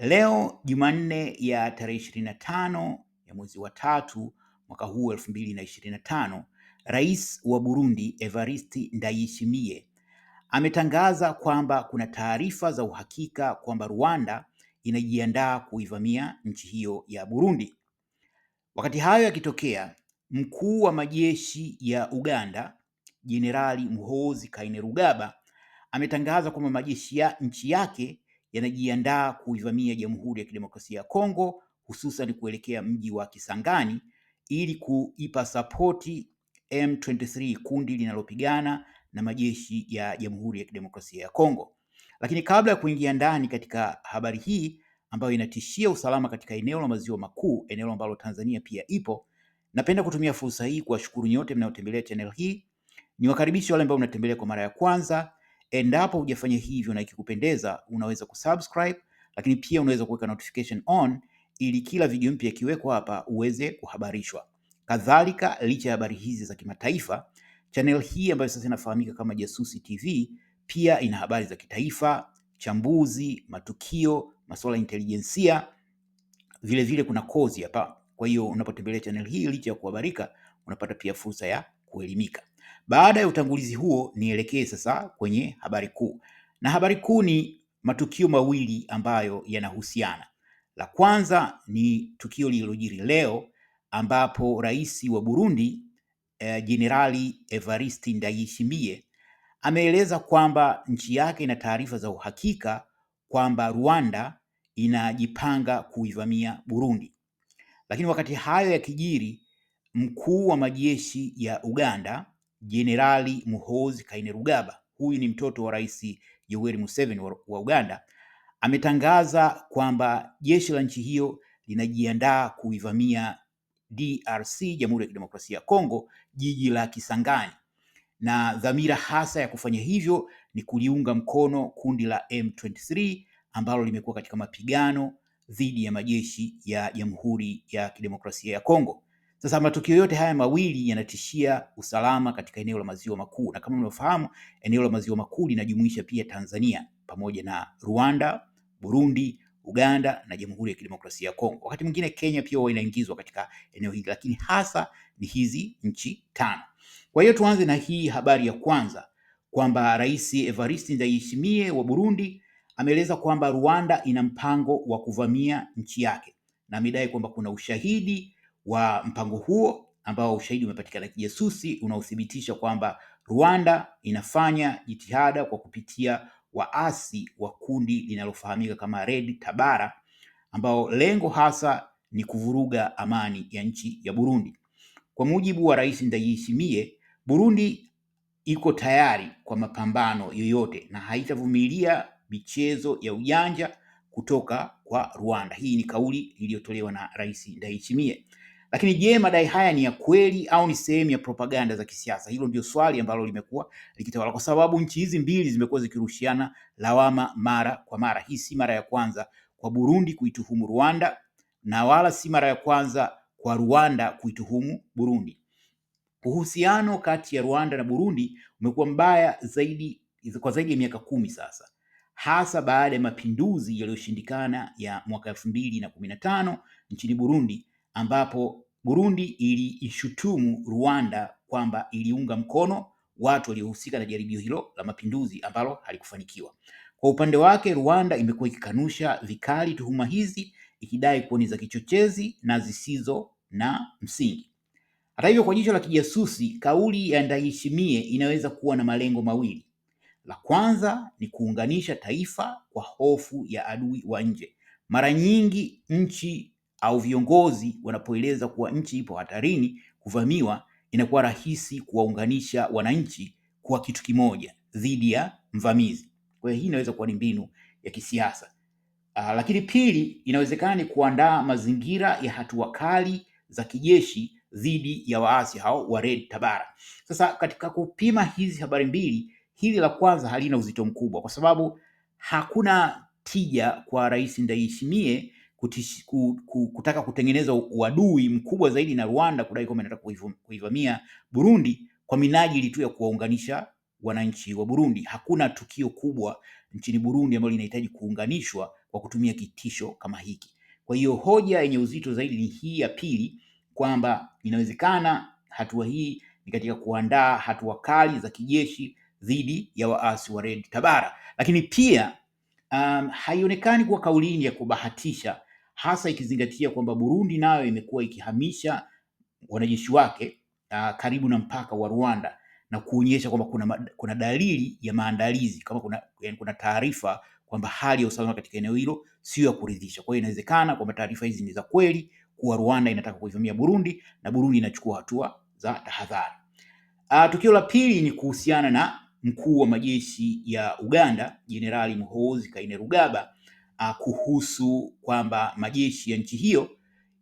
Leo Jumanne ya tarehe ishirini na tano ya mwezi wa tatu mwaka huu elfu mbili na ishirini na tano Rais wa Burundi Evariste Ndayishimiye ametangaza kwamba kuna taarifa za uhakika kwamba Rwanda inajiandaa kuivamia nchi hiyo ya Burundi. Wakati hayo yakitokea, mkuu wa majeshi ya Uganda Jenerali Muhoozi Kainerugaba ametangaza kwamba majeshi ya nchi yake yanajiandaa kuivamia Jamhuri ya Kidemokrasia ya Kongo, hususan kuelekea mji wa Kisangani ili kuipa sapoti M23, kundi linalopigana na majeshi ya Jamhuri ya Kidemokrasia ya Kongo. Lakini kabla ya kuingia ndani katika habari hii ambayo inatishia usalama katika eneo la maziwa makuu, eneo ambalo Tanzania pia ipo, napenda kutumia fursa hii kuwashukuru nyote mnayotembelea channel hii. Niwakaribishe wale ambao mnatembelea kwa mara ya kwanza Endapo hujafanya hivyo na ikikupendeza, unaweza kusubscribe, lakini pia unaweza kuweka notification on ili kila video mpya ikiwekwa hapa uweze kuhabarishwa. Kadhalika, licha ya habari hizi za kimataifa, channel hii ambayo sasa inafahamika kama Jasusi TV pia ina habari za kitaifa, chambuzi, matukio, masuala ya intelijensia. Vile vile kuna kozi hapa. Kwa hiyo unapotembelea channel hii, licha ya kuhabarika, unapata pia fursa ya kuelimika. Baada ya utangulizi huo, nielekee sasa kwenye habari kuu, na habari kuu ni matukio mawili ambayo yanahusiana. La kwanza ni tukio lililojiri leo ambapo rais wa Burundi eh, Jenerali eh, Evariste Ndayishimiye ameeleza kwamba nchi yake ina taarifa za uhakika kwamba Rwanda inajipanga kuivamia Burundi. Lakini wakati hayo yakijiri, mkuu wa majeshi ya Uganda Jenerali Muhoozi Kainerugaba, huyu ni mtoto wa Rais Yoweri Museveni wa Uganda, ametangaza kwamba jeshi la nchi hiyo linajiandaa kuivamia DRC, Jamhuri ya Kidemokrasia ya Kongo, jiji la Kisangani, na dhamira hasa ya kufanya hivyo ni kuliunga mkono kundi la M23 ambalo limekuwa katika mapigano dhidi ya majeshi ya Jamhuri ya Kidemokrasia ya Kongo. Sasa matukio yote haya mawili yanatishia usalama katika eneo la maziwa makuu, na kama mnavyofahamu, eneo la maziwa makuu linajumuisha pia Tanzania pamoja na Rwanda, Burundi, Uganda na Jamhuri ya Kidemokrasia ya Kongo. Wakati mwingine Kenya pia huwa inaingizwa katika eneo hili, lakini hasa ni hizi nchi tano. Kwa hiyo tuanze na hii habari ya kwanza kwamba Rais Evariste Ndayishimiye wa Burundi ameeleza kwamba Rwanda ina mpango wa kuvamia nchi yake na amedai kwamba kuna ushahidi wa mpango huo ambao ushahidi umepatikana kijasusi unaothibitisha kwamba Rwanda inafanya jitihada kwa kupitia waasi wa kundi linalofahamika kama Red Tabara ambao lengo hasa ni kuvuruga amani ya nchi ya Burundi. Kwa mujibu wa Rais Ndayishimiye, Burundi iko tayari kwa mapambano yoyote na haitavumilia michezo ya ujanja kutoka kwa Rwanda. Hii ni kauli iliyotolewa na Rais Ndayishimiye. Lakini je, madai haya ni ya kweli au ni sehemu ya propaganda za kisiasa? Hilo ndio swali ambalo limekuwa likitawala, kwa sababu nchi hizi mbili zimekuwa zikirushiana lawama mara kwa mara. Hii si mara ya kwanza kwa Burundi kuituhumu Rwanda na wala si mara ya kwanza kwa Rwanda kuituhumu Burundi. Uhusiano kati ya Rwanda na Burundi umekuwa mbaya zaidi kwa zaidi ya miaka kumi sasa, hasa baada ya mapinduzi yaliyoshindikana ya mwaka elfu mbili na kumi na tano nchini Burundi ambapo Burundi iliishutumu Rwanda kwamba iliunga mkono watu waliohusika na jaribio hilo la mapinduzi ambalo halikufanikiwa. Kwa upande wake, Rwanda imekuwa ikikanusha vikali tuhuma hizi ikidai kuwa ni za kichochezi na zisizo na msingi. Hata hivyo, kwa jicho la kijasusi, kauli ya Ndayishimiye inaweza kuwa na malengo mawili. La kwanza ni kuunganisha taifa kwa hofu ya adui wa nje. Mara nyingi nchi au viongozi wanapoeleza kuwa nchi ipo hatarini kuvamiwa, inakuwa rahisi kuwaunganisha wananchi kuwa kitu kimoja dhidi ya mvamizi. Kwa hiyo hii inaweza kuwa ni mbinu ya kisiasa. Aa, ah, lakini pili, inawezekana ni kuandaa mazingira ya hatua kali za kijeshi dhidi ya waasi hao wa Red Tabara. Sasa katika kupima hizi habari mbili, hili la kwanza halina uzito mkubwa kwa sababu hakuna tija kwa Rais Ndayishimiye kutish, ku, ku, kutaka kutengeneza uadui mkubwa zaidi na Rwanda, kudai kwamba inataka kuivamia Burundi kwa minajili tu ya kuwaunganisha wananchi wa Burundi. Hakuna tukio kubwa nchini Burundi ambalo linahitaji kuunganishwa kwa kutumia kitisho kama hiki. Kwa hiyo hoja yenye uzito zaidi ni hii ya pili, kwamba inawezekana hatua hii ni katika kuandaa hatua kali za kijeshi dhidi ya waasi wa Red Tabara, lakini pia um, haionekani kuwa kauli ya kubahatisha hasa ikizingatia kwamba Burundi nayo imekuwa ikihamisha wanajeshi wake uh, karibu na mpaka wa Rwanda na kuonyesha kwamba kuna, kuna dalili ya maandalizi kama kuna, yani kuna taarifa kwamba hali ya usalama katika eneo hilo sio ya kuridhisha. Kwa hiyo inawezekana kwamba taarifa hizi ni za kweli kuwa Rwanda inataka kuivamia Burundi na Burundi inachukua hatua za tahadhari. Uh, tukio la pili ni kuhusiana na mkuu wa majeshi ya Uganda Jenerali Muhoozi Kainerugaba uh, kuhusu kwamba majeshi ya nchi hiyo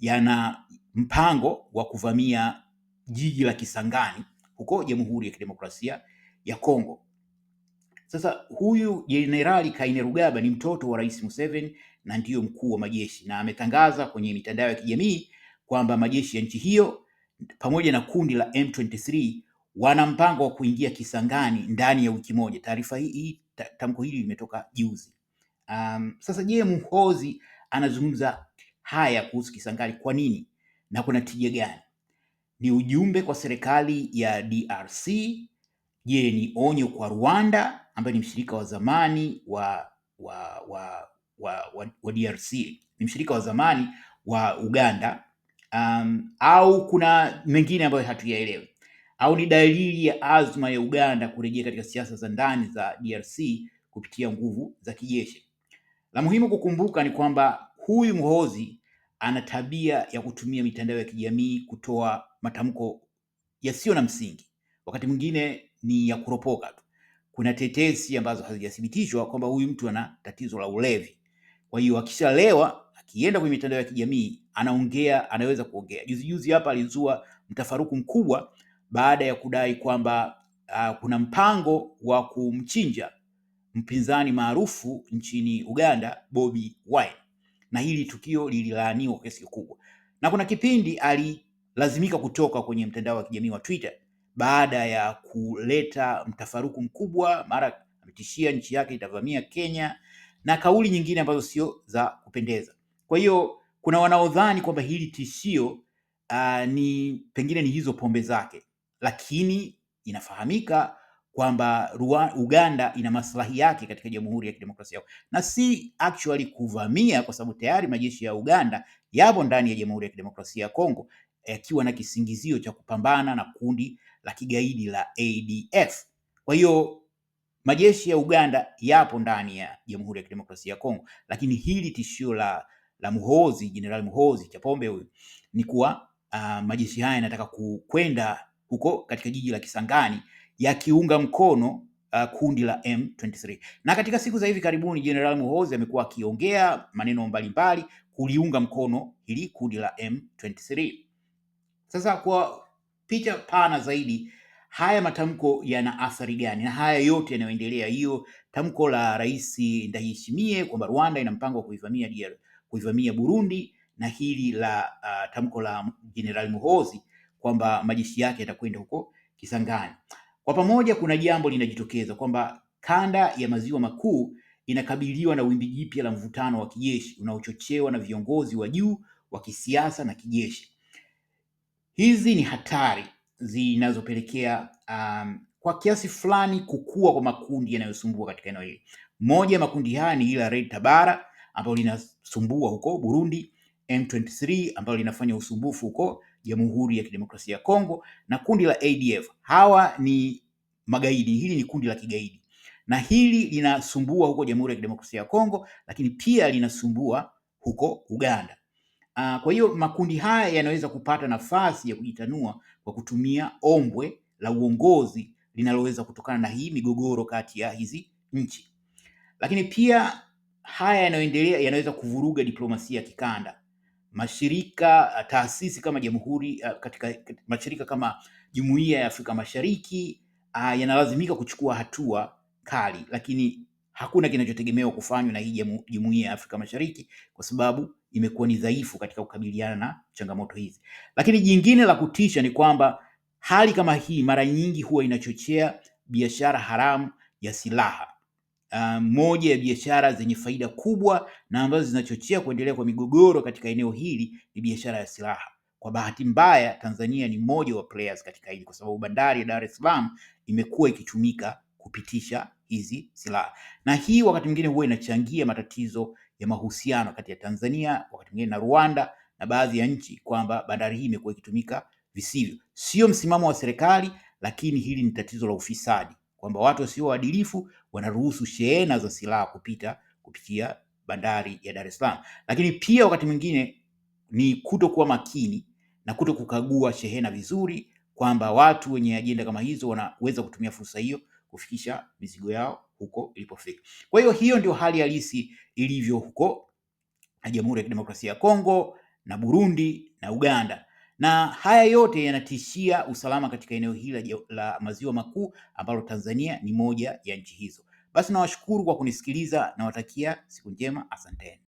yana mpango wa kuvamia jiji la Kisangani huko Jamhuri ya Kidemokrasia ya Kongo. Sasa huyu Jenerali Kainerugaba ni mtoto wa Rais Museveni na ndiyo mkuu wa majeshi, na ametangaza kwenye mitandao ya kijamii kwamba majeshi ya nchi hiyo pamoja na kundi la M23 wana mpango wa kuingia Kisangani ndani ya wiki moja. Taarifa hii, tamko hili limetoka juzi. Um, sasa je, Muhoozi anazungumza haya kuhusu Kisangani kwa nini na kuna tija gani? Ni ujumbe kwa serikali ya DRC? Je, ni onyo kwa Rwanda ambaye ni mshirika wa zamani wa, wa, wa, wa, wa, wa DRC, ni mshirika wa zamani wa Uganda? Um, au kuna mengine ambayo hatuyaelewi au ni dalili ya azma ya Uganda kurejea katika siasa za ndani za DRC kupitia nguvu za kijeshi? La muhimu kukumbuka ni kwamba huyu Muhoozi ana tabia ya kutumia mitandao ya kijamii kutoa matamko yasiyo na msingi, wakati mwingine ni ya kuropoka tu. Kuna tetesi ambazo hazijathibitishwa kwamba huyu mtu ana tatizo la ulevi. Kwa hiyo akishalewa, akienda kwenye mitandao ya kijamii anaongea, anaweza kuongea. Juzi juzi hapa alizua mtafaruku mkubwa baada ya kudai kwamba uh, kuna mpango wa kumchinja mpinzani maarufu nchini Uganda Bobby Wine, na hili tukio lililaaniwa kwa kiasi kikubwa, na kuna kipindi alilazimika kutoka kwenye mtandao wa kijamii wa Twitter baada ya kuleta mtafaruku mkubwa, mara ametishia nchi yake itavamia Kenya na kauli nyingine ambazo sio za kupendeza. Kwa hiyo kuna wanaodhani kwamba hili tishio uh, ni pengine ni hizo pombe zake, lakini inafahamika kwamba Uganda ina maslahi yake katika Jamhuri ya Kidemokrasia na si actually kuvamia, kwa sababu tayari majeshi ya Uganda yapo ndani ya Jamhuri ya Kidemokrasia ya Kongo yakiwa na kisingizio cha kupambana na kundi la kigaidi la ADF. Kwa hiyo majeshi ya Uganda yapo ndani ya Jamhuri ya Kidemokrasia ya Kongo, lakini hili tishio la la Muhozi, Jenerali Muhozi Chapombe huyu ni kuwa uh, majeshi haya yanataka kwenda huko katika jiji la Kisangani yakiunga mkono uh, kundi la M23. Na katika siku za hivi karibuni General Muhoozi amekuwa akiongea maneno mbalimbali kuliunga mkono hili kundi la M23. Sasa kwa picha pana zaidi, haya matamko yana athari gani? Na haya yote yanayoendelea, hiyo tamko la Rais Ndayishimiye kwamba Rwanda ina mpango wa kuivamia DR, kuivamia Burundi na hili la uh, tamko la General Muhoozi kwamba majeshi yake yatakwenda huko Kisangani. Kwa pamoja, kuna jambo linajitokeza kwamba kanda ya maziwa makuu inakabiliwa na wimbi jipya la mvutano wa kijeshi unaochochewa na viongozi wa juu wa kisiasa na kijeshi. Hizi ni hatari zinazopelekea um, kwa kiasi fulani kukua kwa makundi yanayosumbua katika eneo hili. Moja ya makundi haya ni ile Red Tabara ambalo linasumbua huko Burundi, M23 ambalo linafanya usumbufu huko Jamhuri ya Kidemokrasia ya Kongo na kundi la ADF. Hawa ni magaidi, hili ni kundi la kigaidi na hili linasumbua huko Jamhuri ya Kidemokrasia ya Kongo, lakini pia linasumbua huko Uganda. Aa, ah, kwa hiyo makundi haya yanaweza kupata nafasi ya kujitanua kwa kutumia ombwe la uongozi linaloweza kutokana na hii migogoro kati ya hizi nchi, lakini pia haya yanayoendelea yanaweza kuvuruga diplomasia ya kikanda mashirika eh, taasisi kama jamhuri eh, katika mashirika kama Jumuiya ya Afrika Mashariki eh, yanalazimika kuchukua hatua kali, lakini hakuna kinachotegemewa kufanywa na hii Jumuiya ya Afrika Mashariki kwa sababu imekuwa ni dhaifu katika kukabiliana na changamoto hizi. Lakini jingine la kutisha ni kwamba hali kama hii mara nyingi huwa inachochea biashara haramu ya silaha uh, moja ya biashara zenye faida kubwa na ambazo zinachochea kuendelea kwa migogoro katika eneo hili ni biashara ya silaha. Kwa bahati mbaya, Tanzania ni mmoja wa players katika hili, kwa sababu bandari ya Dar es Salaam imekuwa ikitumika kupitisha hizi silaha, na hii wakati mwingine huwa inachangia matatizo ya mahusiano kati ya Tanzania wakati mwingine na Rwanda na baadhi ya nchi, kwamba bandari hii imekuwa ikitumika visivyo. Sio msimamo wa serikali, lakini hili ni tatizo la ufisadi kwamba watu wasio waadilifu wanaruhusu shehena za silaha kupita kupitia bandari ya Dar es Salaam, lakini pia wakati mwingine ni kutokuwa makini na kuto kukagua shehena vizuri, kwamba watu wenye ajenda kama hizo wanaweza kutumia fursa hiyo kufikisha mizigo yao huko ilipofika. Kwa hiyo hiyo ndio hali halisi ilivyo huko Jamhuri ya Kidemokrasia ya Kongo na Burundi na Uganda na haya yote yanatishia usalama katika eneo hili la maziwa makuu ambalo Tanzania ni moja ya nchi hizo. Basi nawashukuru kwa kunisikiliza, nawatakia siku njema, asanteni.